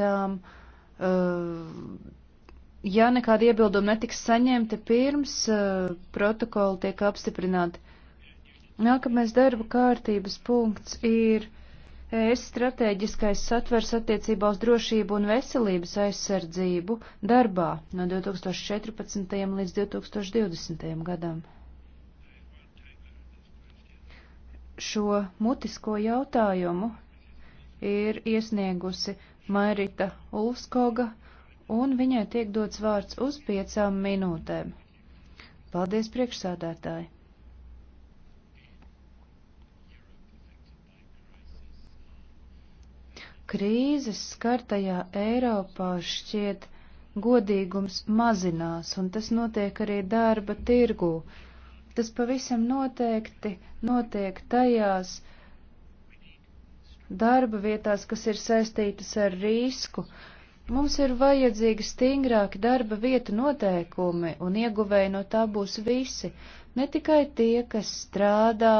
lietām, eh, ja nekāda iebilduma netiks saņemta pirms eh, protokoli tiek apstiprināti. Nākamais darba kārtības punkts ir ES stratēģiskais satvers attiecībā uz drošību un veselības aizsardzību darbā no 2014. līdz 2020. gadam. Šo mutisko jautājumu ir iesniegusi Mairita Ulfskoga, un viņai tiek dots vārds uz piecām minūtēm. Paldies, priekšsādātāji! Krīzes skartajā Eiropā šķiet godīgums mazinās, un tas notiek arī darba tirgū. Tas pavisam noteikti notiek tajās, darba vietās, kas ir saistītas ar risku. Mums ir vajadzīgi stingrāki darba vietu noteikumi, un ieguvēji no tā būs visi, ne tikai tie, kas strādā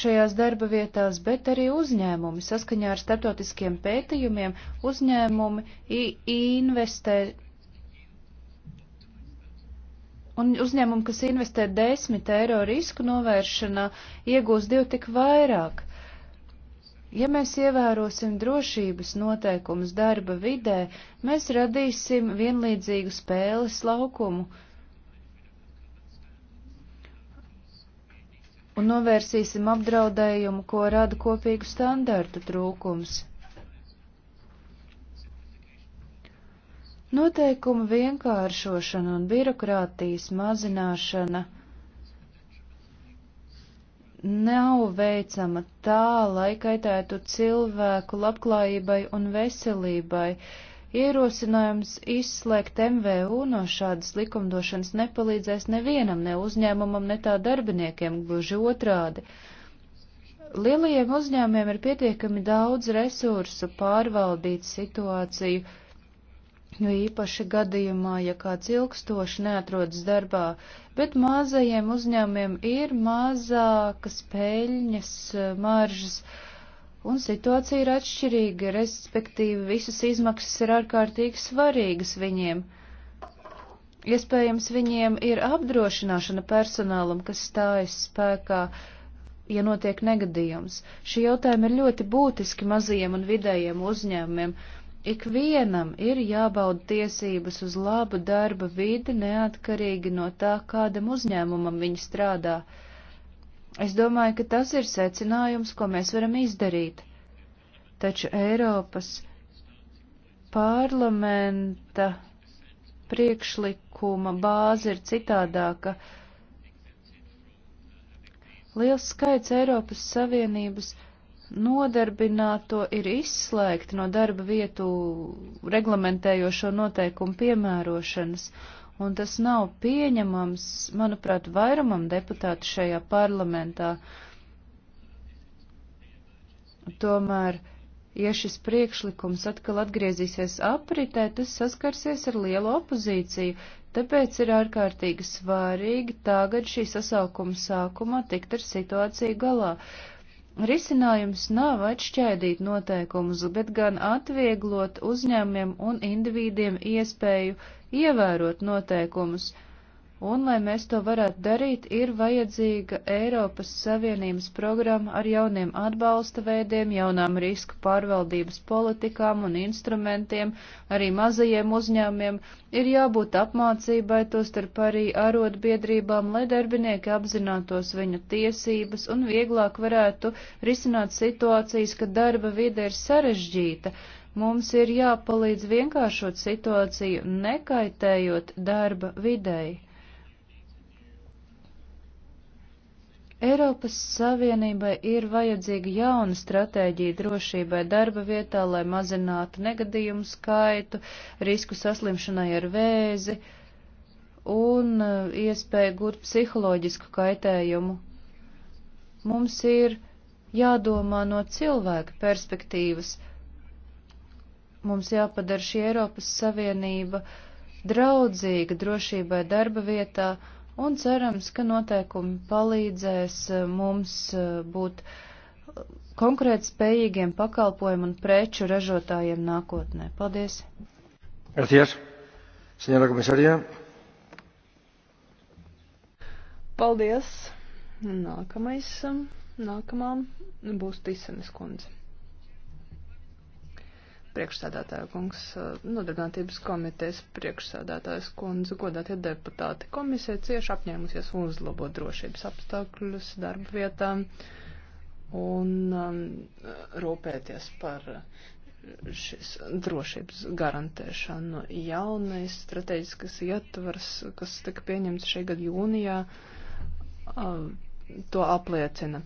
šajās darba vietās, bet arī uzņēmumi. Saskaņā ar starptautiskiem pētījumiem uzņēmumi investē Un uzņēmumi, kas investē 10 eiro risku novēršanā, iegūs divu tik vairāk. Ja mēs ievērosim drošības noteikumus darba vidē, mēs radīsim vienlīdzīgu spēles laukumu un novērsīsim apdraudējumu, ko rada kopīgu standartu trūkums. Noteikumu vienkāršošana un birokrātijas mazināšana nav veicama tā, lai kaitētu cilvēku labklājībai un veselībai. Ierosinājums izslēgt MVU no šādas likumdošanas nepalīdzēs nevienam, ne uzņēmumam, ne tā darbiniekiem, gluži otrādi. Lielajiem uzņēmiem ir pietiekami daudz resursu pārvaldīt situāciju, jo īpaši gadījumā, ja kāds ilgstoši neatrodas darbā, bet mazajiem uzņēmumiem ir mazākas peļņas eh, maržas, un situācija ir atšķirīga, respektīvi visas izmaksas ir ārkārtīgi svarīgas viņiem. Iespējams, viņiem ir apdrošināšana personālam, kas stājas spēkā, ja notiek negadījums. Šie jautājumi ir ļoti būtiski mazajiem un vidējiem uzņēmumiem, Ikvienam ir jābauda tiesības uz labu darba vidi, neatkarīgi no tā, kādam uzņēmumam viņi strādā. Es domāju, ka tas ir secinājums, ko mēs varam izdarīt. Taču Eiropas parlamenta priekšlikuma bāze ir citādāka. Liels skaits Eiropas Savienības nodarbināto ir izslēgti no darba vietu reglamentējošo noteikumu piemērošanas, un tas nav pieņemams, manuprāt, vairumam deputātu šajā parlamentā. Tomēr, ja šis priekšlikums atkal atgriezīsies apritē, tas saskarsies ar lielu opozīciju, tāpēc ir ārkārtīgi svārīgi tagad šī sasaukuma sākumā tikt ar situāciju galā. Uh, Risinājums nav atšķaidīt noteikumus, bet gan atvieglot uzņēmumiem un individiem iespēju ievērot noteikumus Un, lai mēs to varētu darīt, ir vajadzīga Eiropas Savienības programma ar jauniem atbalsta veidiem, jaunām risku pārvaldības politikām un instrumentiem, arī mazajiem uzņēmiem. Ir jābūt apmācībai, tostarp arī arotbiedrībām, lai darbinieki apzinātos viņu tiesības un vieglāk varētu risināt situācijas, kad darba vide ir sarežģīta. Mums ir jāpalīdz vienkāršot situāciju, nekaitējot darba videi. Eiropas Savienībai ir vajadzīga jauna stratēģija drošībai darba vietā, lai mazinātu negadījumu skaitu, risku saslimšanai ar vēzi un uh, iespēju gūt psiholoģisku kaitējumu. Mums ir jādomā no cilvēka perspektīvas. Mums jāpadara šī Eiropas Savienība draudzīga drošībai darba vietā un cerams, ka noteikumi palīdzēs eh, mums eh, būt eh, konkrēt spējīgiem pakalpojumu un preču ražotājiem nākotnē. Paldies! Gracias, señora komisārija. Paldies! Nākamais, um, nākamā būs Tisenes kundze priekšsēdētāja kungs, eh, nodarbinātības komitejas priekšsēdētājas kundze, godātie deputāti. Komisija cieši apņēmusies uzlabot drošības apstākļus darba vietā un um, rūpēties par šis drošības garantēšanu. Jaunais strateģiskas ietvars, kas tika pieņemts šī gada jūnijā, um, to apliecina.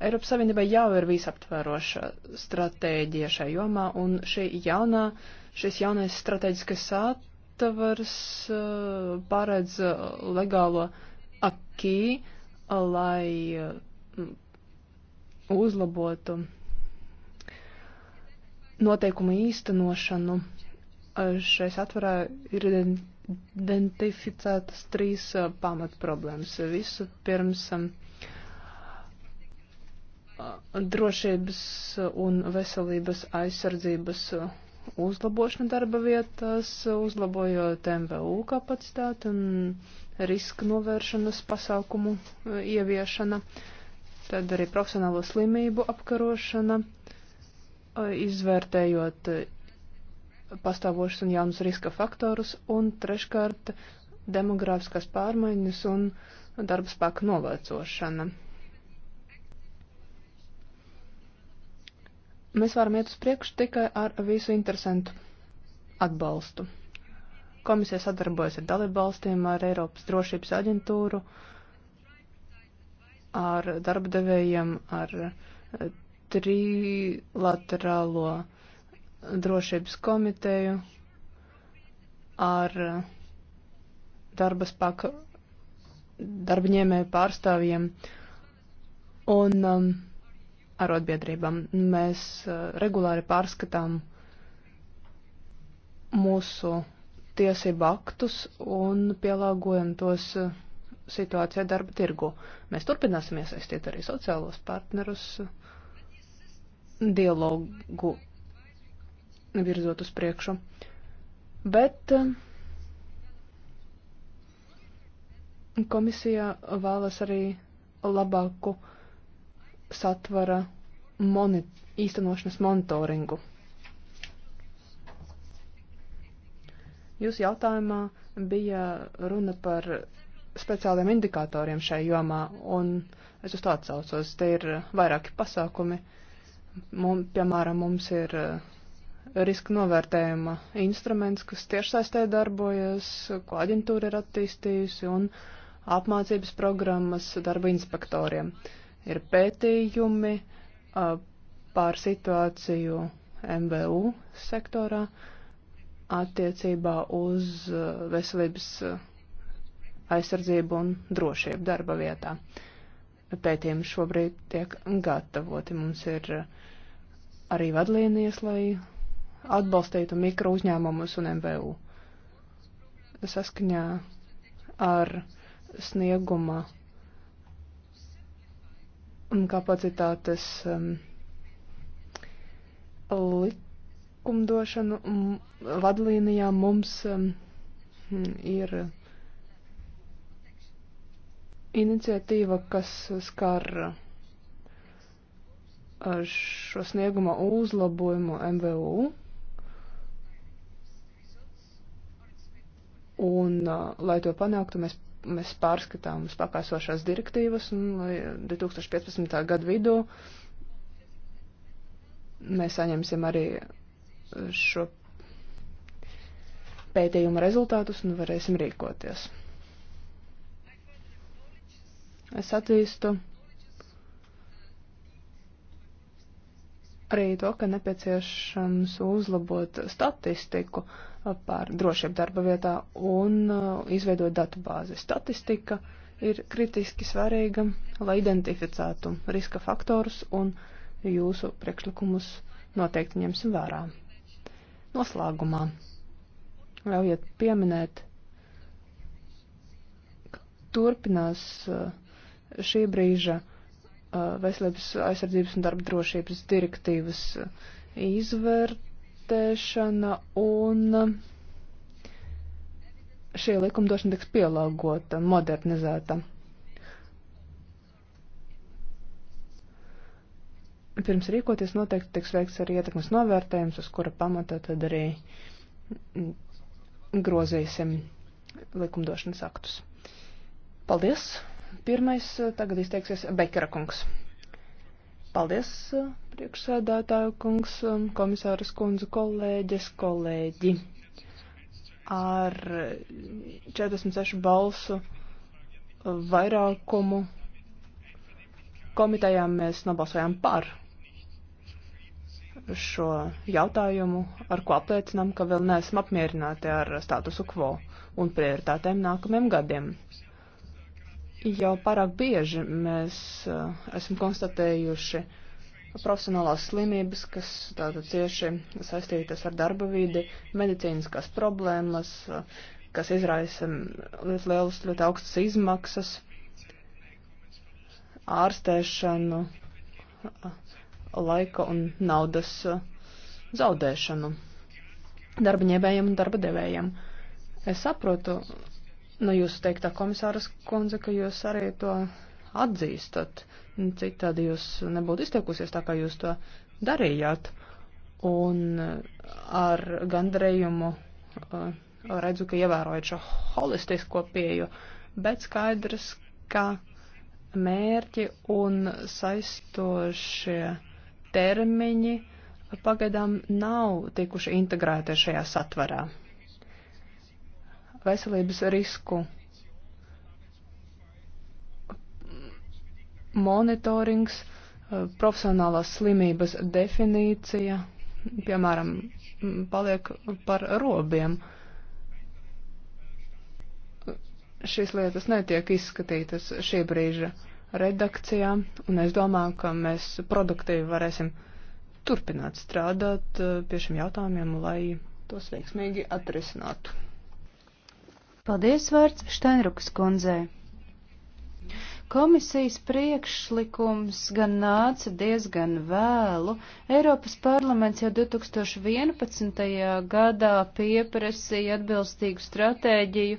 Eiropas Savienībai jau ir visaptveroša stratēģija šai jomā, un šī jaunā, šis jaunais strateģiskais atvars uh, paredz uh, legālo akī, lai uh, uzlabotu noteikumu īstenošanu. Šais atvarā ir identificētas trīs pamatproblēmas. Visu pirms. Um, drošības un veselības aizsardzības uzlabošana darba vietās, uzlabojot MVU kapacitāti un riska novēršanas pasākumu e, ieviešana, tad arī profesionālo slimību apkarošana, e, izvērtējot e, pastāvošus un jaunus riska faktorus, un treškārt demogrāfiskās pārmaiņas un darba spēka novecošana. Mēs varam iet uz priekšu tikai ar visu interesantu atbalstu. Komisija sadarbojas ar dalībvalstīm, ar Eiropas drošības aģentūru, ar darbdevējiem, ar eh, trilaterālo drošības komiteju, ar eh, darba spēka darbaņēmēju pārstāvjiem. Un um, arotbiedrībām. Mēs eh, regulāri pārskatām mūsu tiesību aktus un pielāgojam tos eh, situācijai darba tirgu. Mēs turpināsim iesaistīt arī sociālos partnerus dialogu virzot uz priekšu. Bet eh, komisija vēlas arī labāku uh, satvara monit īstenošanas monitoringu. Jūsu jautājumā bija runa par speciāliem indikatoriem šai jomā, un es uz to atsaucos. Te ir vairāki pasākumi. Mum, piemēram, mums ir eh, riska novērtējuma instruments, kas tiešsaistē darbojas, ko aģentūra ir attīstījusi, un apmācības programmas darba inspektoriem. Uh, ir pētījumi pār situāciju MVU sektorā attiecībā uz veselības aizsardzību un drošību darba vietā. Pētījumi šobrīd tiek gatavoti. Mums ir arī vadlīnijas, lai atbalstītu mikro uzņēmumus un MVU. Saskaņā ar snieguma un kapacitātes um, likumdošanu um, vadlīnijā mums um, ir iniciatīva, kas skar uh, šo snieguma uzlabojumu MVU. Un, uh, lai to panāktu, mēs mēs pārskatām spēkāsošās direktīvas, un lai 2015. gadu vidū mēs saņemsim arī šo pētījumu rezultātus un varēsim rīkoties. Es atzīstu arī to, ka nepieciešams uzlabot statistiku. Uh, par drošību darba vietā un uh, izveidot datu bāzi. Statistika ir kritiski svarīga, lai identificētu riska faktorus un jūsu priekšlikumus noteikti ņemsim vērā. Noslēgumā ļaujiet pieminēt, ka turpinās uh, šī brīža uh, veselības aizsardzības un darba drošības direktīvas izvērt izvērtēšana un šī likumdošana tiks pielāgota, modernizēta. Pirms rīkoties noteikti tiks veikts arī ietekmes novērtējums, uz kura pamatā tad arī grozīsim likumdošanas aktus. Paldies! Pirmais tagad izteiksies Bekara kungs. Paldies, priekšsēdētāju kungs, um, komisāras kundze, kolēģes, kolēģi. Ar 46 uh, balsu uh, vairākumu komitejām mēs nobalsojām par šo jautājumu, ar ko apliecinām, ka vēl neesam apmierināti ar statusu quo un prioritātēm nākamajiem gadiem. Jau pārāk bieži mēs uh, esam konstatējuši profesionālās slimības, kas tātad cieši saistītas ar darba vidi, medicīniskās problēmas, uh, kas izraisa ļoti lielas, ļoti augstas izmaksas, ārstēšanu, uh, laika un naudas uh, zaudēšanu darba ņēmējiem un darba devējiem. Es saprotu, no nu, jūsu teiktā komisāras kundze, ka jūs arī to atzīstat. Citādi jūs nebūtu izteikusies tā, kā jūs to darījāt. Un ar gandarījumu uh, redzu, ka ievērojat šo holistisko pieju, bet skaidrs, ka mērķi un saistošie termiņi pagaidām nav tikuši integrēti šajā satvarā veselības risku. Monitorings, eh, profesionālās slimības definīcija, piemēram, paliek par robiem. Šīs lietas netiek izskatītas šī brīža redakcijā, un es domāju, ka mēs produktīvi varēsim turpināt strādāt eh, pie šiem jautājumiem, lai tos veiksmīgi atrisinātu. Paldies vārds Štainrukas kundzē. Komisijas priekšlikums gan nāca diezgan vēlu. Eiropas parlaments jau 2011. gadā pieprasīja atbilstīgu stratēģiju,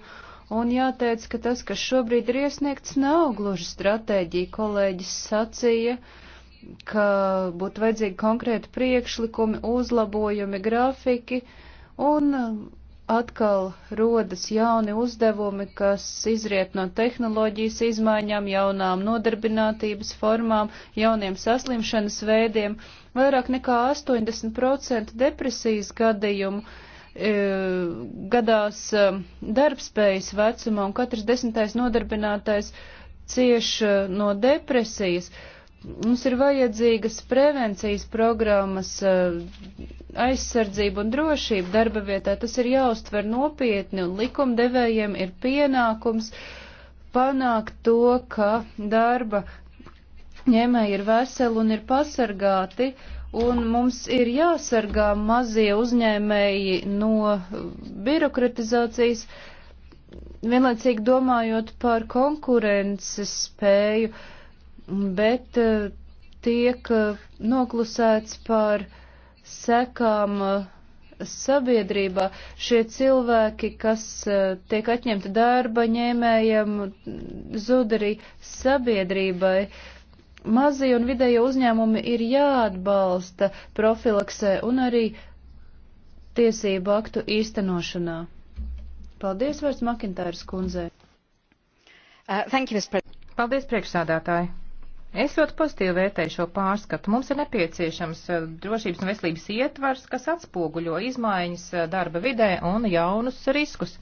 un jāteic, ka tas, kas šobrīd ir iesniegts, nav gluži stratēģija. Kolēģis sacīja, ka būtu vajadzīgi konkrēti priekšlikumi, uzlabojumi, grafiki, un atkal rodas jauni uzdevumi, kas izriet no tehnoloģijas izmaiņām, jaunām nodarbinātības formām, jauniem saslimšanas veidiem. Vairāk nekā 80% depresijas gadījumu e, gadās e, darbspējas vecumā, un katrs desmitais nodarbinātais cieš e, no depresijas. E, Mums ir vajadzīgas prevencijas programmas, eh, aizsardzība un drošība darba vietā. Tas ir jāuztver nopietni un likumdevējiem ir pienākums panākt to, ka darba ņēmēji ir veseli un ir pasargāti. Un mums ir jāsargā mazie uzņēmēji no birokratizācijas, vienlaicīgi domājot par konkurences spēju. Uh, bet eh, tiek eh, noklusēts par sekām eh, sabiedrībā. Šie cilvēki, kas tiek atņemti darba ņēmējiem, zud arī sabiedrībai. Mazie un vidējo uzņēmumi ir jāatbalsta profilaksē un arī tiesību aktu īstenošanā. Paldies, Vērts Makintāras kundzei. Uh, you, Paldies, priekšsādātāji. Es ļoti pozitīvi vērtēju šo pārskatu. Mums ir nepieciešams eh, drošības un veselības ietvars, kas atspoguļo izmaiņas eh, darba vidē un jaunus riskus.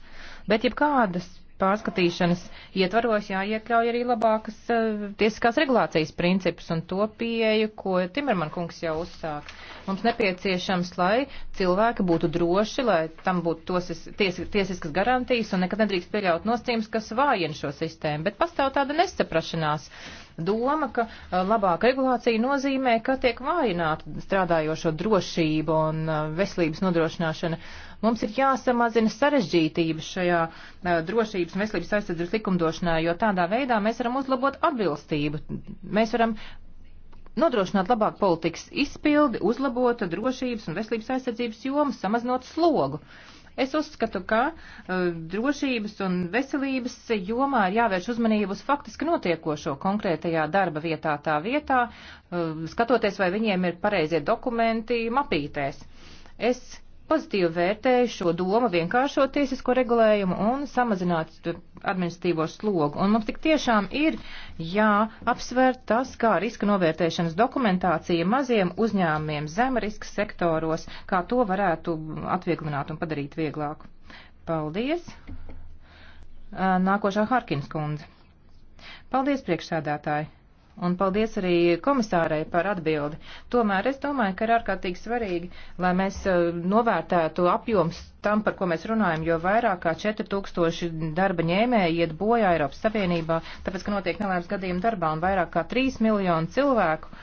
Bet jebkādas pārskatīšanas ietvaros jāiekļauj arī labākas uh, tiesiskās regulācijas principus un to pieeju, ko Timerman kungs jau uzsāk. Mums nepieciešams, lai cilvēki būtu droši, lai tam būtu tos, ties, tiesiskas garantijas un nekad nedrīkst pieļaut nosacījums, kas vājina šo sistēmu. Bet pastāv tāda nesaprašanās doma, ka labāka regulācija nozīmē, ka tiek vājināta strādājošo drošība un veselības nodrošināšana. Mums ir jāsamazina sarežģītības šajā drošības un veselības aizsardzības likumdošanā, jo tādā veidā mēs varam uzlabot atbilstību. Mēs varam nodrošināt labāku politikas izpildi, uzlabot drošības un veselības aizsardzības jomu, samazinot slogu. Uh, Es uzskatu, ka uh, drošības un veselības jomā ir jāvērš uzmanību uz faktiski notiekošo konkrētajā darba vietā, tā vietā, uh, skatoties, vai viņiem ir pareizie dokumenti mapītēs. Es pozitīvi vērtēju šo domu vienkāršot tiesisko regulējumu un samazināt eh, administratīvo slogu. Un mums tik tiešām ir jāapsver tas, kā riska novērtēšanas dokumentācija maziem uzņēmumiem zem riska sektoros, kā to varētu atvieglināt un padarīt vieglāku. Paldies! Eh, nākošā Harkins kundze. Paldies, priekšsēdētāji! Un paldies arī komisārai par atbildi. Tomēr es domāju, ka ir ārkārtīgi svarīgi, lai mēs eh, novērtētu apjoms tam, par ko mēs runājam, jo vairāk kā 4000 darba ņēmēji iet bojā Eiropas Savienībā, tāpēc, ka notiek nelēms gadījumi darbā un vairāk kā 3 miljonu cilvēku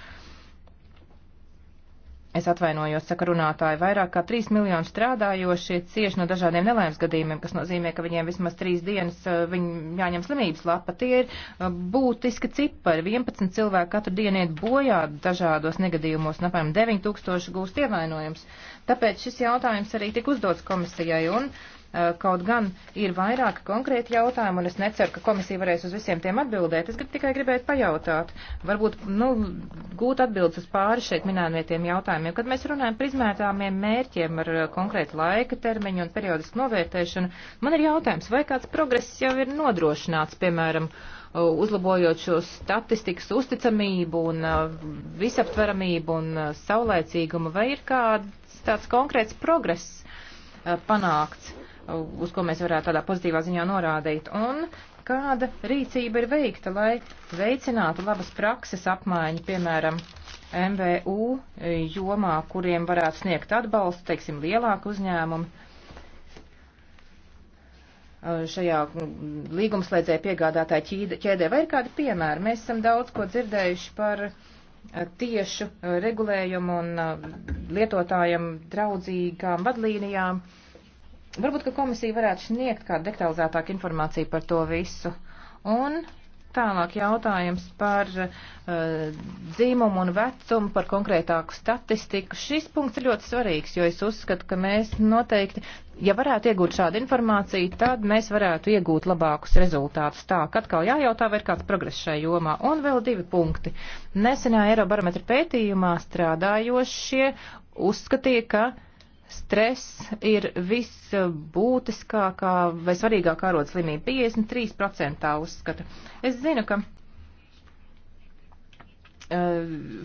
Es atvainojos, saka runātāji, vairāk kā 3 miljoni strādājošie cieš no dažādiem nelaimes gadījumiem, kas nozīmē, ka viņiem vismaz 3 dienas eh, viņi jāņem slimības lapa. Tie ir eh, būtiski cipari. 11 cilvēki katru dienu iet bojā dažādos negadījumos, un apmēram 9000 gūst ievainojums. Tāpēc šis jautājums arī tika uzdots komisijai, un Eh, kaut gan ir vairāki konkrēti jautājumi, un es neceru, ka komisija varēs uz visiem tiem atbildēt. Es grib, tikai gribētu pajautāt, varbūt nu, gūt atbildes uz pāri šeit minētiem jautājumiem. Kad mēs runājam par izmērāmiem mērķiem ar eh, konkrētu laika termiņu un periodisku novērtēšanu, man ir jautājums, vai kāds progress jau ir nodrošināts, piemēram, eh, uzlabojot šo statistikas uzticamību un visaptveramību un saulēcīgumu, vai ir kāds tāds konkrēts progress panākts? uz ko mēs varētu tādā pozitīvā ziņā norādīt, un kāda rīcība ir veikta, lai veicinātu labas prakses apmaiņu, piemēram, MVU jomā, kuriem varētu sniegt atbalstu, teiksim, lielāku uzņēmumu šajā līgumslēdzēja piegādātāja ķēdē, vai ir kādi piemēri? Mēs esam daudz ko dzirdējuši par tiešu regulējumu un lietotājiem draudzīgām vadlīnijām. Uh, Varbūt, ka komisija varētu sniegt kādu detalizētāku informāciju par to visu. Un tālāk jautājums par uh, dzīmumu un vecumu, par konkrētāku statistiku. Šis punkts ir ļoti svarīgs, jo es uzskatu, ka mēs noteikti, ja varētu iegūt šādu informāciju, tad mēs varētu iegūt labākus rezultātus. Tā, ka atkal jājautā, vai ir kāds progress šai jomā. Un vēl divi punkti. Nesenā Eirobarometra pētījumā strādājošie uzskatīja, ka Stress ir visbūtiskākā vai svarīgākā ārot slimība. 53% uzskata. Es zinu, ka e,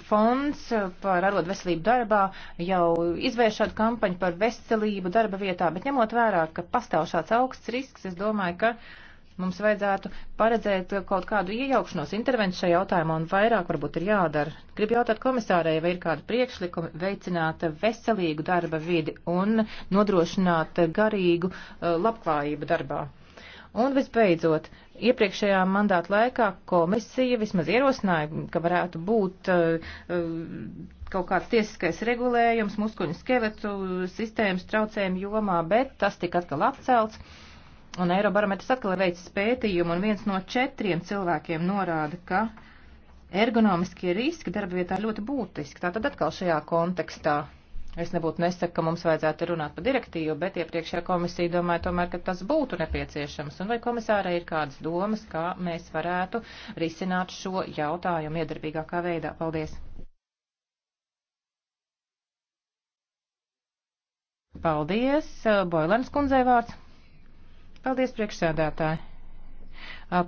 fonds par arot veselību darbā jau izvērš šādu kampaņu par veselību darba vietā, bet ņemot vērā, ka pastāv šāds augsts risks, es domāju, ka uh, Mums vajadzētu paredzēt kaut kādu iejaukšanos intervenciju šajā jautājumā un vairāk varbūt ir jādara. Gribu jautāt komisārai, vai ir kāda priekšlikuma veicināt veselīgu darba vidi un nodrošināt garīgu eh, labklājību darbā. Un visbeidzot, iepriekšējā mandāta laikā komisija vismaz ierosināja, ka varētu būt eh, kaut kāds tiesiskais regulējums muskuļu skeletu sistēmas traucējumu jomā, bet tas tika atkal atcelts. Un Eirobarometrs atkal veids pētījumu, un viens no četriem cilvēkiem norāda, ka ergonomiskie riski darba vietā ļoti būtiski. Tātad atkal šajā kontekstā es nebūtu nesaku, ka mums vajadzētu runāt par direktīvu, bet iepriekšējā komisija domāja tomēr, ka tas būtu nepieciešams. Un vai komisārai ir kādas domas, kā mēs varētu risināt šo jautājumu iedarbīgākā veidā? Paldies! Paldies! Boilens kundzei vārds. Paldies, priekšsēdētāji!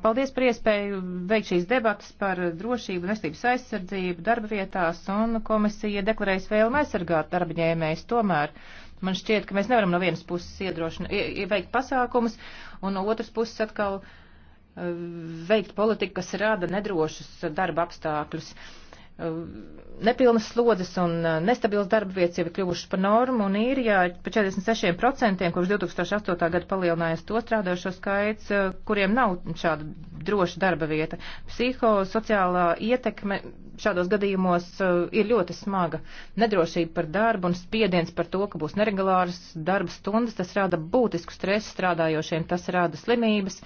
Paldies par iespēju veikt šīs debatas par drošību un veselības aizsardzību darba vietās, un komisija deklarējas vēlmi aizsargāt darba ņēmējs. Tomēr man šķiet, ka mēs nevaram no vienas puses iedrošināt, veikt pasākumus, un no otras puses atkal veikt politiku, kas rada nedrošus darba apstākļus. Uh, nepilnas slodzes un nestabils darba vietas jau ir kļuvušas par normu, un īrijā pa 46% kopš 2008. gada palielinājies to strādājošo skaits, kuriem nav šāda droša darba vieta. Psihosociālā ietekme šādos gadījumos ir ļoti smaga. Nedrošība par darbu un spiediens par to, ka būs neregulāras darba stundas, tas rada būtisku stresu strādājošiem, tas rada slimības.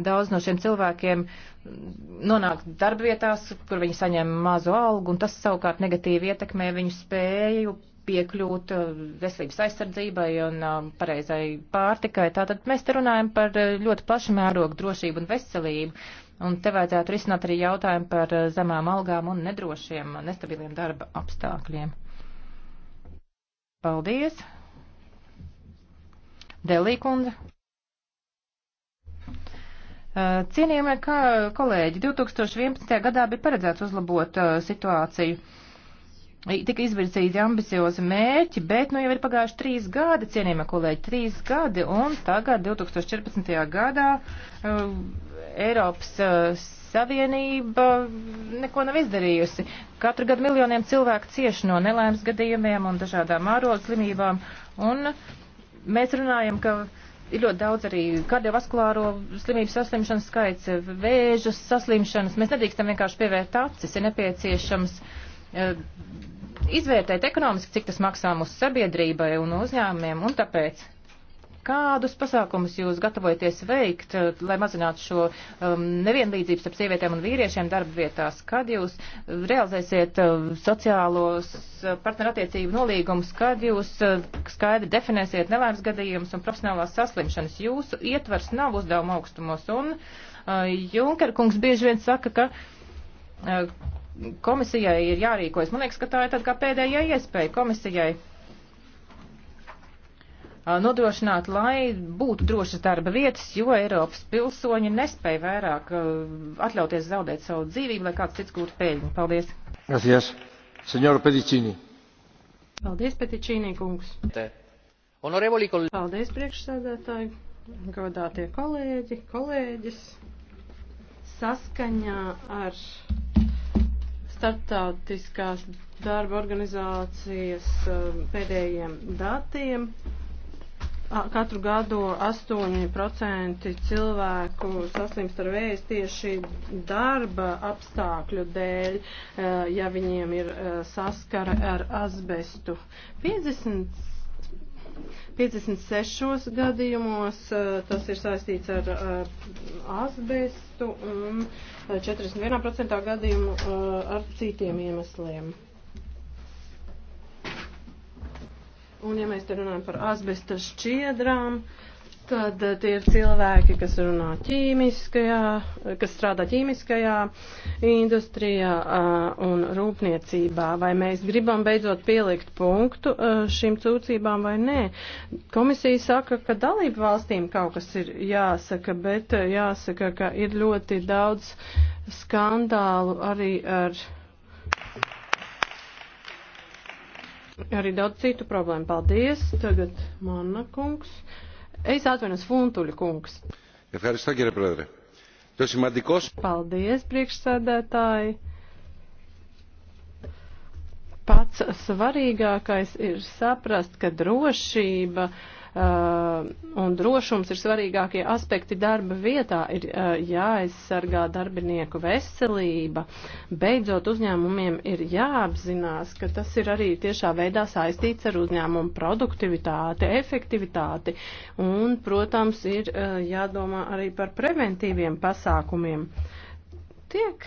Daudz no šiem cilvēkiem uh, nonāk darba vietās, kur viņi saņem mazu algu, un tas savukārt negatīvi ietekmē viņu spēju piekļūt uh, veselības aizsardzībai un um, pareizai pārtikai. Tātad mēs te runājam par uh, ļoti plašu mērogu drošību un veselību, un te vajadzētu risināt arī jautājumu par uh, zemām algām un nedrošiem, nestabiliem darba apstākļiem. Paldies! Delī kundze. Eh, cienījamie kolēģi, 2011. gadā bija paredzēts uzlabot eh, situāciju. Tika izvirzīti ambiciozi mērķi, bet nu jau ir pagājuši trīs gadi, cienījamie kolēģi, trīs gadi, un tagad 2014. gadā eh, Eiropas Savienība neko nav izdarījusi. Katru gadu miljoniem cilvēku cieš no nelaimes gadījumiem un dažādām ārodas slimībām, un mēs runājam, ka ir ļoti daudz arī kardiovaskulāro slimību saslimšanas skaits, vēžas saslimšanas. Mēs nedrīkstam vienkārši pievērt acis, ir nepieciešams eh, izvērtēt ekonomiski, cik tas maksā mūsu sabiedrībai un uzņēmumiem, un tāpēc Kādus pasākumus jūs gatavojaties veikt, eh, lai mazinātu šo um, nevienlīdzību starp sievietēm un vīriešiem darba vietās? Kad jūs eh, realizēsiet uh, sociālos uh, partnerattiecību nolīgumus? Kad jūs uh, skaidri definēsiet nelaimes gadījumus un profesionālās saslimšanas? Jūsu ietvars nav uzdevuma augstumos. Un uh, Junker kungs bieži vien saka, ka. Uh, Komisijai ir jārīkojas. Man liekas, ka tā ir tāda kā pēdējā iespēja komisijai nodrošināt, lai būtu drošas darba vietas, jo Eiropas pilsoņi nespēja vairāk atļauties zaudēt savu dzīvību, lai kāds cits gūtu peļņu. Paldies. Gracias. Senjora Pedicīni. Paldies, Pedicīni kungs. Te. Honorevoli kolēģi. Paldies, priekšsēdētāji, godātie kolēģi, kolēģis. Saskaņā ar starptautiskās darba organizācijas pēdējiem datiem Katru gadu 8% cilvēku saslimst ar vēzi tieši darba apstākļu dēļ, e, ja viņiem ir e, saskara ar asbestu. 50 56 gadījumos e, tas ir saistīts ar asbestu un 41% gadījumu ar citiem iemesliem. Un ja mēs te runājam par asbesta šķiedrām, tad eh, tie ir cilvēki, kas runā ķīmiskajā, eh, kas strādā ķīmiskajā industrijā eh, un rūpniecībā. Vai mēs gribam beidzot pielikt punktu šīm cūcībām vai nē? Komisija saka, ka dalību valstīm kaut kas ir jāsaka, bet jāsaka, ka ir ļoti daudz skandālu arī ar Arī daudz citu problēmu. Paldies. Tagad mana kungs. Es atvainojos Funtuļa kungs. Paldies, priekšsēdētāji. Pats svarīgākais ir saprast, ka drošība uh, Uh, un drošums ir svarīgākie aspekti darba vietā. Ir uh, jāaizsargā darbinieku veselība. Beidzot, uzņēmumiem ir jāapzinās, ka tas ir arī tiešā veidā saistīts ar uzņēmumu produktivitāti, efektivitāti. Un, protams, ir uh, jādomā arī par preventīviem pasākumiem tiek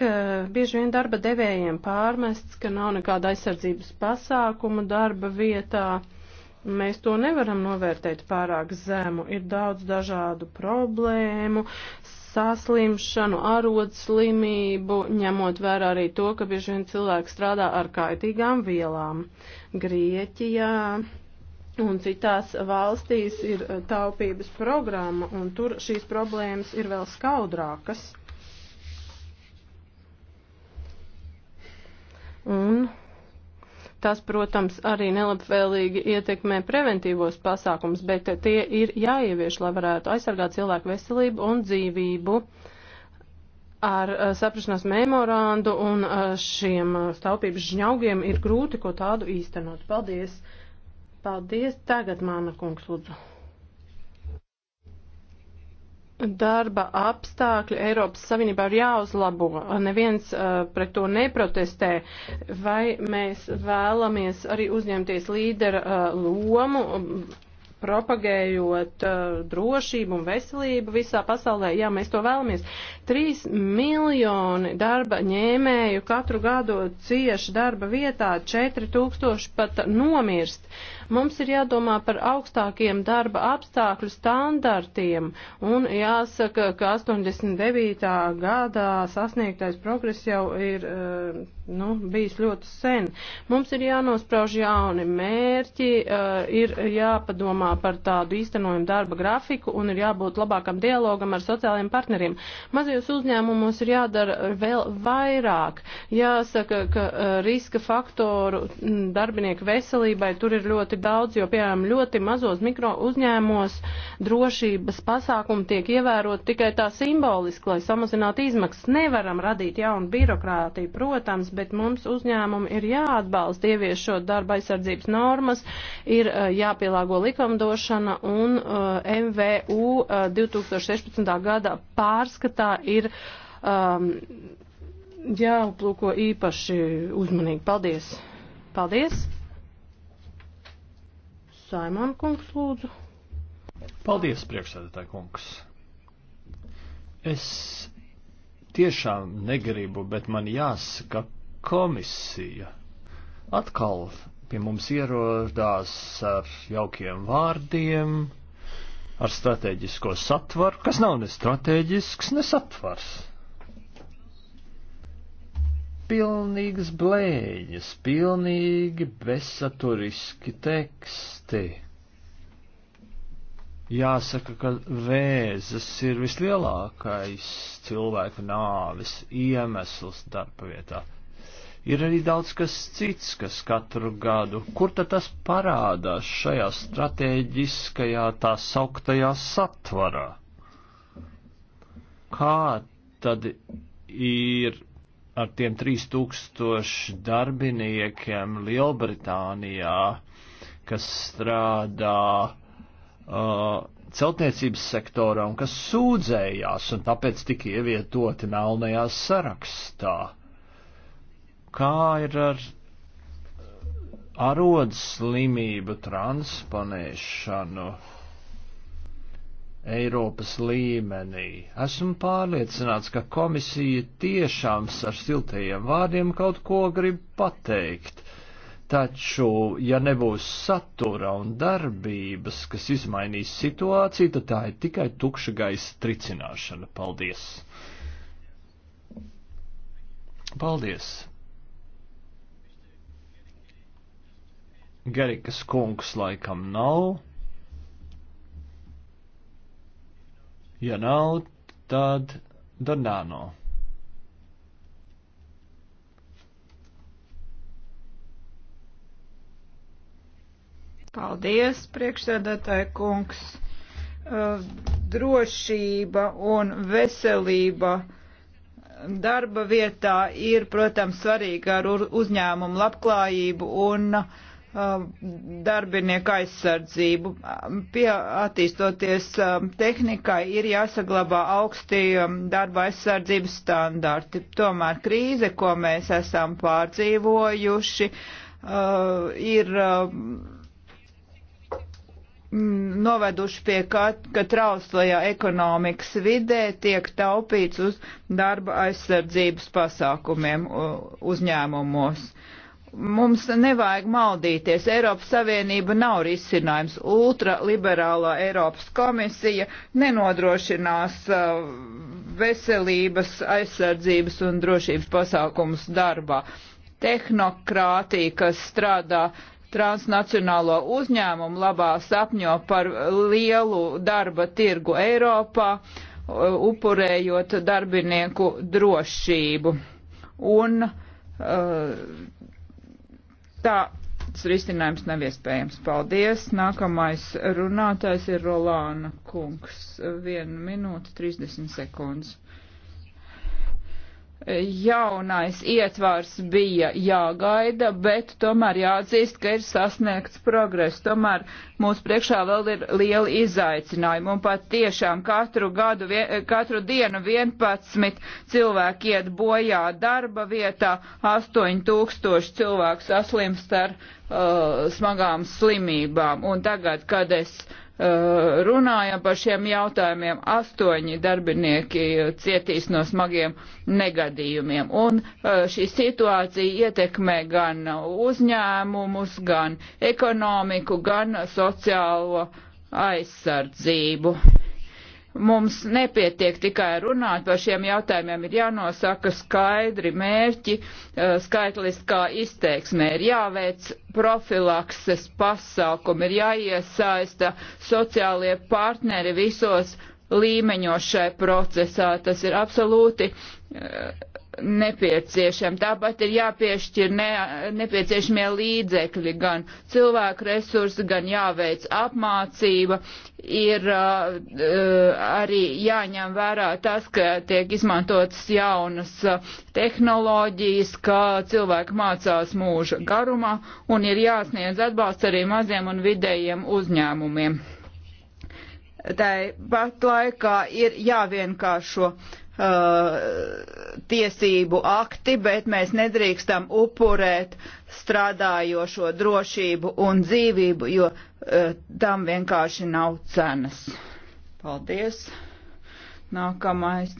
bieži vien darba devējiem pārmests, ka nav nekāda aizsardzības pasākuma darba vietā. Mēs to nevaram novērtēt pārāk zemu. Ir daudz dažādu problēmu, saslimšanu, arodslimību, ņemot vērā arī to, ka bieži vien cilvēki strādā ar kaitīgām vielām. Grieķijā un citās valstīs ir taupības programma, un tur šīs problēmas ir vēl skaudrākas. Tas, protams, arī nelabvēlīgi ietekmē preventīvos pasākums, bet tie ir jāievieš, lai varētu aizsargāt cilvēku veselību un dzīvību ar eh, saprašanās memorandu un eh, šiem staupības eh, žņaugiem ir grūti ko tādu īstenot. Paldies! Paldies! Tagad, mana kungs, lūdzu! Darba apstākļi Eiropas Savienībā ir jāuzlabo. Neviens uh, pret to neprotestē. Vai mēs vēlamies arī uzņemties līdera uh, lomu, um, propagējot uh, drošību un veselību visā pasaulē, ja mēs to vēlamies. Trīs miljoni darba ņēmēju katru gadu cieši darba vietā, četri tūkstoši pat nomirst. Mums ir jādomā par augstākiem darba apstākļu standartiem un jāsaka, ka 89. gadā sasniegtais progress jau ir eh, nu, bijis ļoti sen. Mums ir jānosprauž jauni mērķi, eh, ir jāpadomā par tādu īstenojumu darba grafiku un ir jābūt labākam dialogam ar sociālajiem partneriem. Mazajos uzņēmumos ir jādara vēl vairāk. Jāsaka, ka eh, riska faktoru darbinieku veselībai tur ir ļoti ļoti daudz, jo, piemēram, ļoti mazos mikro uzņēmos drošības pasākumi tiek ievērot tikai tā simboliski, lai samazinātu izmaksas. Nevaram radīt jaunu birokrātiju, protams, bet mums uzņēmumi ir jāatbalsta ieviešot darba aizsardzības normas, ir eh, jāpielāgo likumdošana un eh, MVU 2016. Eh, gada pārskatā ir um, jāaplūko īpaši uzmanīgi. Paldies! Paldies! Saimon kungs lūdzu. Paldies, priekšsēdētāji kungs. Es tiešām negribu, bet man jāsaka komisija. Atkal pie mums ierodās ar jaukiem vārdiem, ar strateģisko satvaru, kas nav ne strateģisks, ne satvars pilnīgas blēņas, pilnīgi bezsaturiski teksti. Jāsaka, ka vēzis ir vislielākais cilvēka nāvis iemesls darba vietā. Ir arī daudz kas cits, kas katru gadu, kur tad tas parādās šajā strateģiskajā tā sauktajā satvarā? Kā tad ir ar tiem 3000 darbiniekiem Lielbritānijā, kas strādā uh, celtniecības sektorā un kas sūdzējās un tāpēc tika ievietoti melnajā sarakstā. Kā ir ar arodslimību transponēšanu? Eiropas līmenī. Esmu pārliecināts, ka komisija tiešām ar siltajiem vārdiem kaut ko grib pateikt. Taču, ja nebūs satura un darbības, kas izmainīs situāciju, tad tā ir tikai tukša gaisa tricināšana. Paldies! Paldies! Gerikas kungs laikam nav. Ja nav, tad Donāno. Paldies, priekšsēdētāji kungs. Drošība un veselība darba vietā ir, protams, svarīga ar uzņēmumu labklājību un uh, Um, darbinieku aizsardzību. Um, pie attīstoties um, tehnikai ir jāsaglabā augsti darba aizsardzības standarti. Tomēr krīze, ko mēs esam pārdzīvojuši, uh, ir noveduši pie kā, ka trauslajā ekonomikas vidē tiek taupīts uz darba aizsardzības pasākumiem uzņēmumos. Uh, Mums nevajag maldīties. Eiropas Savienība nav risinājums. Ultraliberālā Eiropas komisija nenodrošinās uh, veselības, aizsardzības un drošības pasākumus darbā. Tehnokrātija, kas strādā transnacionālo uzņēmumu labā sapņo par lielu darba tirgu Eiropā, uh, upurējot darbinieku drošību. Un uh, Tāds risinājums nav iespējams. Paldies. Nākamais runātājs ir Rolāna Kungs. Vienu minūti, 30 sekundes jaunais ietvars bija jāgaida, bet tomēr jāatzīst, ka ir sasniegts progress. Tomēr mūsu priekšā vēl ir liela izaicinājuma un pat tiešām katru, gadu, katru dienu 11 cilvēki iet bojā darba vietā, 8000 cilvēku saslimst ar uh, smagām slimībām. Un tagad, kad es uh, Eh, runājam par šiem jautājumiem, astoņi darbinieki cietīs no smagiem negadījumiem. Un eh, šī situācija ietekmē gan uzņēmumus, gan ekonomiku, gan sociālo aizsardzību. Mums nepietiek tikai runāt par šiem jautājumiem, ir jānosaka skaidri mērķi, eh, skaitliskā izteiksmē, ir jāveic profilakses pasākumi, ir jāiesaista sociālie partneri visos līmeņos šai procesā. Tas ir absolūti eh, nepieciešami. Tāpat ir jāpiešķir ne, nepieciešamie līdzekļi, gan cilvēku resursi, gan jāveic apmācība. Ir uh, uh arī jāņem vērā tas, ka tiek izmantotas jaunas uh, tehnoloģijas, ka cilvēki mācās mūža garumā un ir jāsniedz atbalsts arī maziem un vidējiem uzņēmumiem. Tāpat laikā ir jāvienkāršo uh, Uh, tiesību akti, bet mēs nedrīkstam upurēt strādājošo drošību un dzīvību, jo uh, tam vienkārši nav cenas. Paldies. Nākamais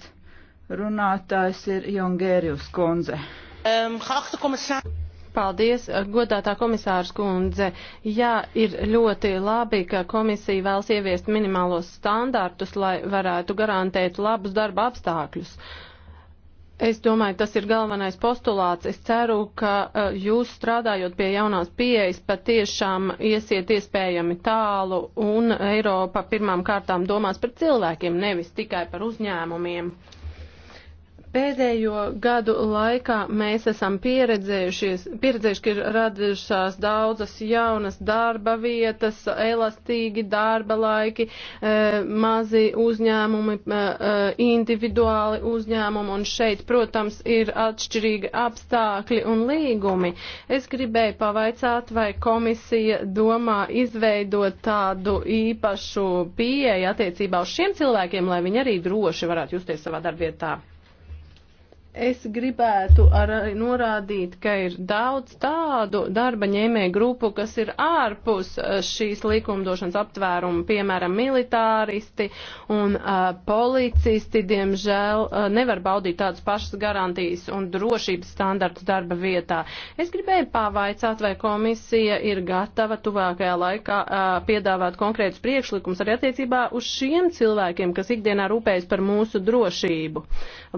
runātājs ir Jongērijus Kunze. Um, Paldies, eh, godātā komisārs kundze. Jā, ir ļoti labi, ka komisija vēlas ieviest minimālos standartus, lai varētu garantēt labus darba apstākļus. Es domāju, tas ir galvenais postulāts. Es ceru, ka eh, jūs strādājot pie jaunās pieejas patiešām iesiet iespējami tālu un Eiropa pirmām kārtām domās par cilvēkiem, nevis tikai par uzņēmumiem. Pēdējo gadu laikā mēs esam pieredzējuši, ka ir radušās daudzas jaunas darba vietas, elastīgi darba laiki, e, mazi uzņēmumi, e, e, individuāli uzņēmumi, un šeit, protams, ir atšķirīgi apstākļi un līgumi. Es gribēju pavaicāt, vai komisija domā izveidot tādu īpašu pieeju attiecībā uz šiem cilvēkiem, lai viņi arī droši varētu justies savā darbietā. Es gribētu arī norādīt, ka ir daudz tādu darba ņēmēju grupu, kas ir ārpus uh, šīs likumdošanas aptvērumu, piemēram, militāristi un uh, policisti, diemžēl, uh, nevar baudīt tādas pašas garantijas un drošības standartus darba vietā. Es gribēju pavaicāt, vai komisija ir gatava tuvākajā laikā uh, piedāvāt konkrētus priekšlikumus arī attiecībā uz šiem cilvēkiem, kas ikdienā rūpējas par mūsu drošību.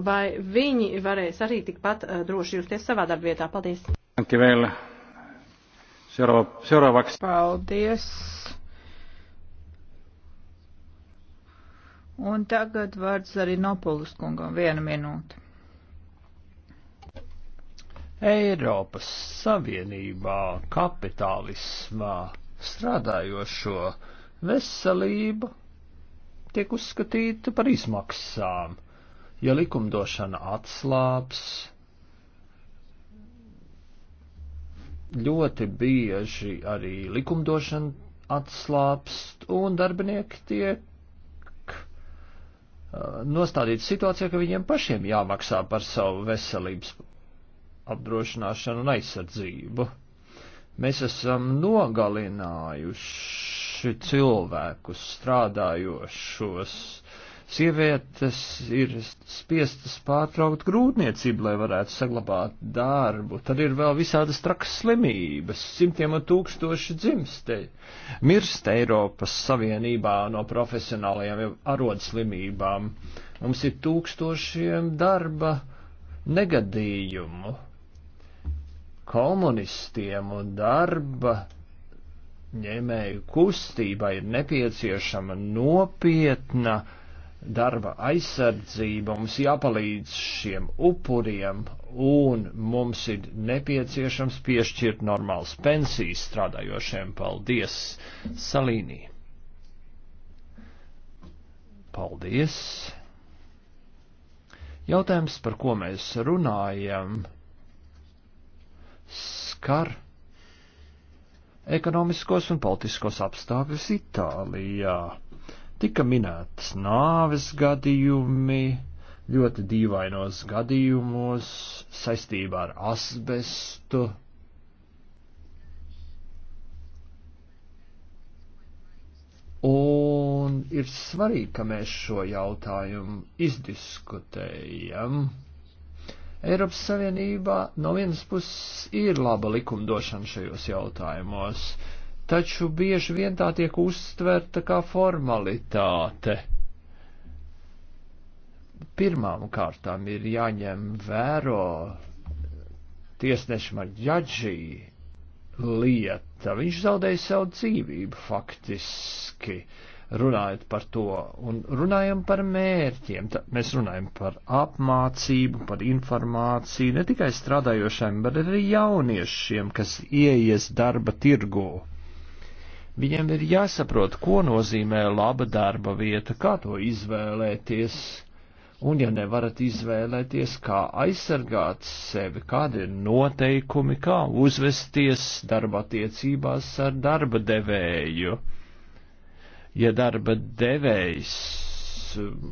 Vai viņi varēs arī tikpat eh, droši justies savā darbvietā. Paldies! Paldies! Un tagad vārds arī Nopolus kungam vienu minūti. Eiropas Savienībā kapitālismā strādājošo veselība tiek uzskatīta par izmaksām Ja likumdošana atslāps, ļoti bieži arī likumdošana atslāpst un darbinieki tiek uh, nostādīti situācijā, ka viņiem pašiem jāmaksā par savu veselības apdrošināšanu un aizsardzību. Mēs esam nogalinājuši cilvēkus, strādājošos, uh, sievietes ir spiestas pārtraukt grūtniecību, lai varētu saglabāt darbu. Tad ir vēl visādas trakas slimības, simtiem un tūkstoši dzimstē. Mirst Eiropas Savienībā no profesionālajām arodslimībām. Mums ir tūkstošiem darba negadījumu. Komunistiem un darba ņēmēju kustībai ir nepieciešama nopietna darba aizsardzība, mums jāpalīdz šiem upuriem un mums ir nepieciešams piešķirt normāls pensijas strādājošiem. Paldies, Salīnī! Paldies! Jautājums, par ko mēs runājam, skar ekonomiskos un politiskos apstākļus Itālijā Tika minētas nāves gadījumi, ļoti dīvainos gadījumos saistībā ar asbestu. Un ir svarīgi, ka mēs šo jautājumu izdiskutējam. Eiropas Savienībā no vienas puses ir laba likumdošana šajos jautājumos, taču bieži vien tā tiek uztverta kā formalitāte. Pirmām kārtām ir jāņem vēro tiesnešma ģaģī lieta. Viņš zaudēja savu dzīvību faktiski, runājot par to, un runājam par mērķiem. Tā, mēs runājam par apmācību, par informāciju ne tikai strādājošiem, bet arī jauniešiem, kas ieies darba tirgū. Viņiem ir jāsaprot, ko nozīmē laba darba vieta, kā to izvēlēties, un ja nevarat izvēlēties, kā aizsargāt sevi, kādi ir noteikumi, kā uzvesties darba attiecībās ar darba devēju. Ja darba devējs mm,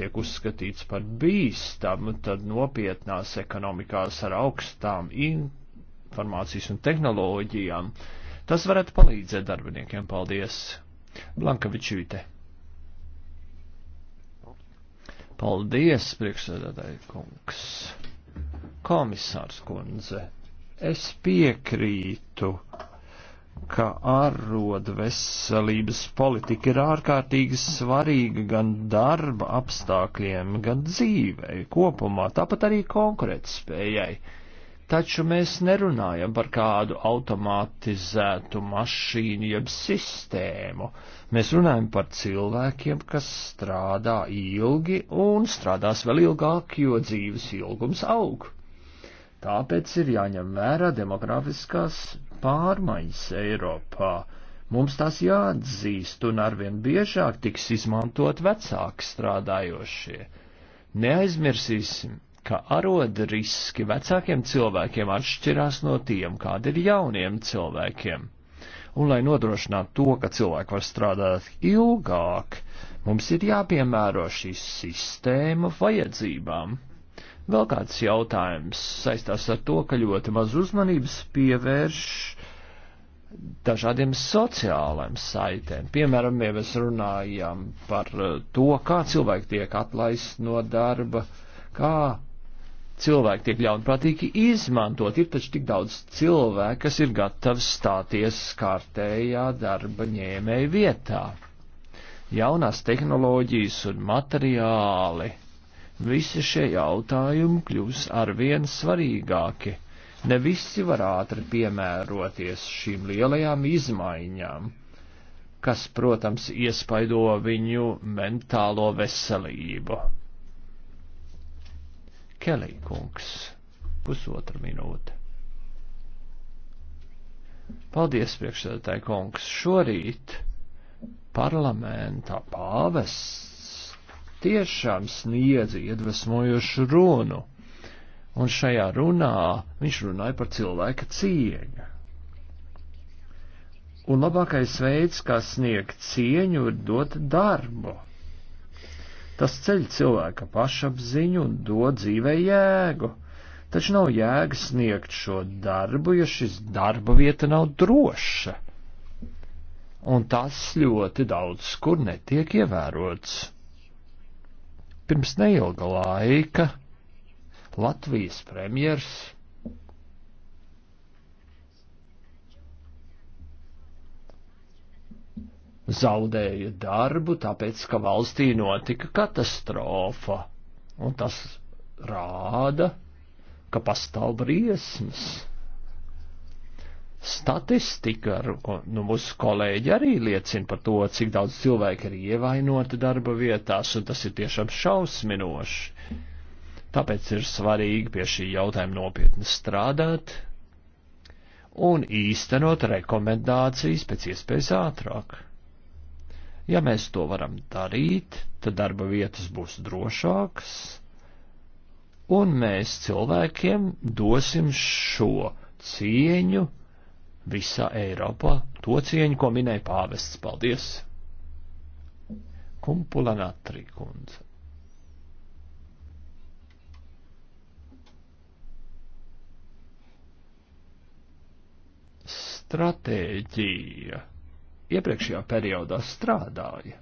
tiek uzskatīts par bīstamu, tad nopietnās ekonomikās ar augstām informācijas un tehnoloģijām uh, Tas varētu palīdzēt darbiniekiem. Paldies! Blanka Vičīte. Paldies, priekšsēdētāji kungs. Komisārs kundze, es piekrītu, ka ārroda veselības politika ir ārkārtīgi svarīga gan darba apstākļiem, gan dzīvei kopumā, tāpat arī konkurētspējai. spējai Taču mēs nerunājam par kādu automatizētu mašīnu jeb sistēmu. Mēs runājam par cilvēkiem, kas strādā ilgi un strādās vēl ilgāk, jo dzīves ilgums aug. Tāpēc ir jāņem vērā demografiskās pārmaiņas Eiropā. Mums tas jāatzīst, un arvien biežāk tiks izmantot vecāki strādājošie. Neaizmirsīsim, ka aroda riski vecākiem cilvēkiem atšķirās no tiem, kādi ir jauniem cilvēkiem. Un, lai nodrošinātu to, ka cilvēki var strādāt ilgāk, mums ir jāpiemēro šī sistēma vajadzībām. Vēl kāds jautājums saistās ar to, ka ļoti maz uzmanības pievērš dažādiem sociālajiem saitēm. Piemēram, ja mēs runājam par to, kā cilvēki tiek atlaist no darba, kā cilvēki tiek ļaunprātīgi izmantot. Ir taču tik daudz cilvēku, kas ir gatavi stāties kārtējā darba ņēmēja vietā. Jaunās tehnoloģijas un materiāli. Visi šie jautājumi kļūs arvien svarīgāki. Ne visi var ātri piemēroties šīm lielajām izmaiņām, kas, protams, iespaido viņu mentālo veselību. Kelī kungs, pusotra minūte. Paldies, priekšsēdētāji kungs. Šorīt parlamentā pāvests tiešām sniedz iedvesmojošu runu, un šajā runā viņš runāja par cilvēka cieņu. Un labākais veids, kā sniegt cieņu, ir dot darbu Tas ceļ cilvēka pašapziņu un dod dzīvē jēgu. Taču nav jēga sniegt šo darbu, ja šis darba vieta nav droša. Un tas ļoti daudz kur netiek ievērots. Pirms neilga laika Latvijas premjers zaudēja darbu, tāpēc, ka valstī notika katastrofa. Un tas rāda, ka pastāv briesmas. Statistika ar nu, mūsu kolēģi arī liecina par to, cik daudz cilvēku ir ievainoti darba vietās, un tas ir tiešām šausminoši. Tāpēc ir svarīgi pie šī jautājuma nopietni strādāt un īstenot rekomendācijas pēc iespējas ātrāk. Ja mēs to varam darīt, tad darba vietas būs drošākas, un mēs cilvēkiem dosim šo cieņu visā Eiropā, to cieņu, ko minēja pāvests. Paldies! Kumpula Natri kundze. Stratēģija iepriekšējā periodā strādāja.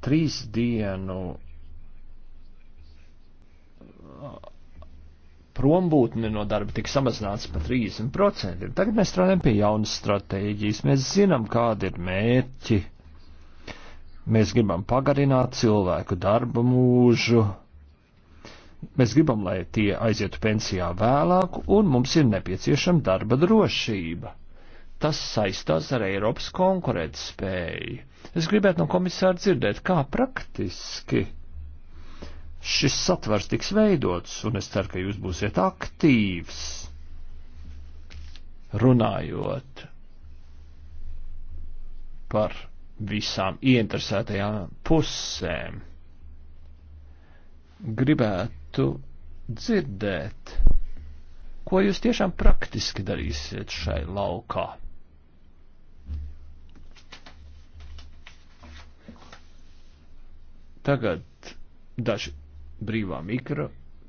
Trīs dienu uh, prombūtne no darba tika samazināts par 30%. Tagad mēs strādājam pie jaunas stratēģijas, mēs zinām, kādi ir mērķi. Mēs gribam pagarināt cilvēku darba mūžu, Mēs gribam, lai tie aizietu pensijā vēlāk, un mums ir nepieciešama darba drošība. Tas saistās ar Eiropas konkurētspēju. Es gribētu no komisāra dzirdēt, kā praktiski šis satvers tiks veidots, un es ceru, ka jūs būsiet aktīvs runājot par visām ieinteresētajām pusēm. Gribētu gribētu dzirdēt, ko jūs tiešām praktiski darīsiet šai laukā. Tagad daži brīvā mikro,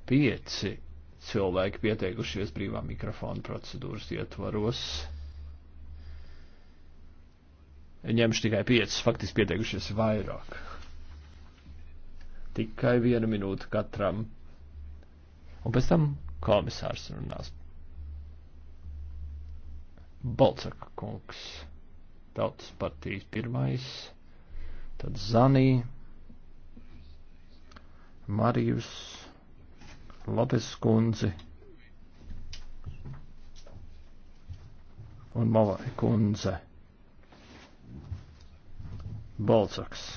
pieci cilvēki pieteikušies brīvā mikrofona procedūras ietvaros. Ņemšu tikai piecus, faktiski pieteikušies vairāk. Tikai viena minūte katram un pēc tam komisārs runās. Balcaka kungs, tautas partijas pirmais, tad Zanī, Marijus, Lopes kundzi un Malai kundze. Balcaks.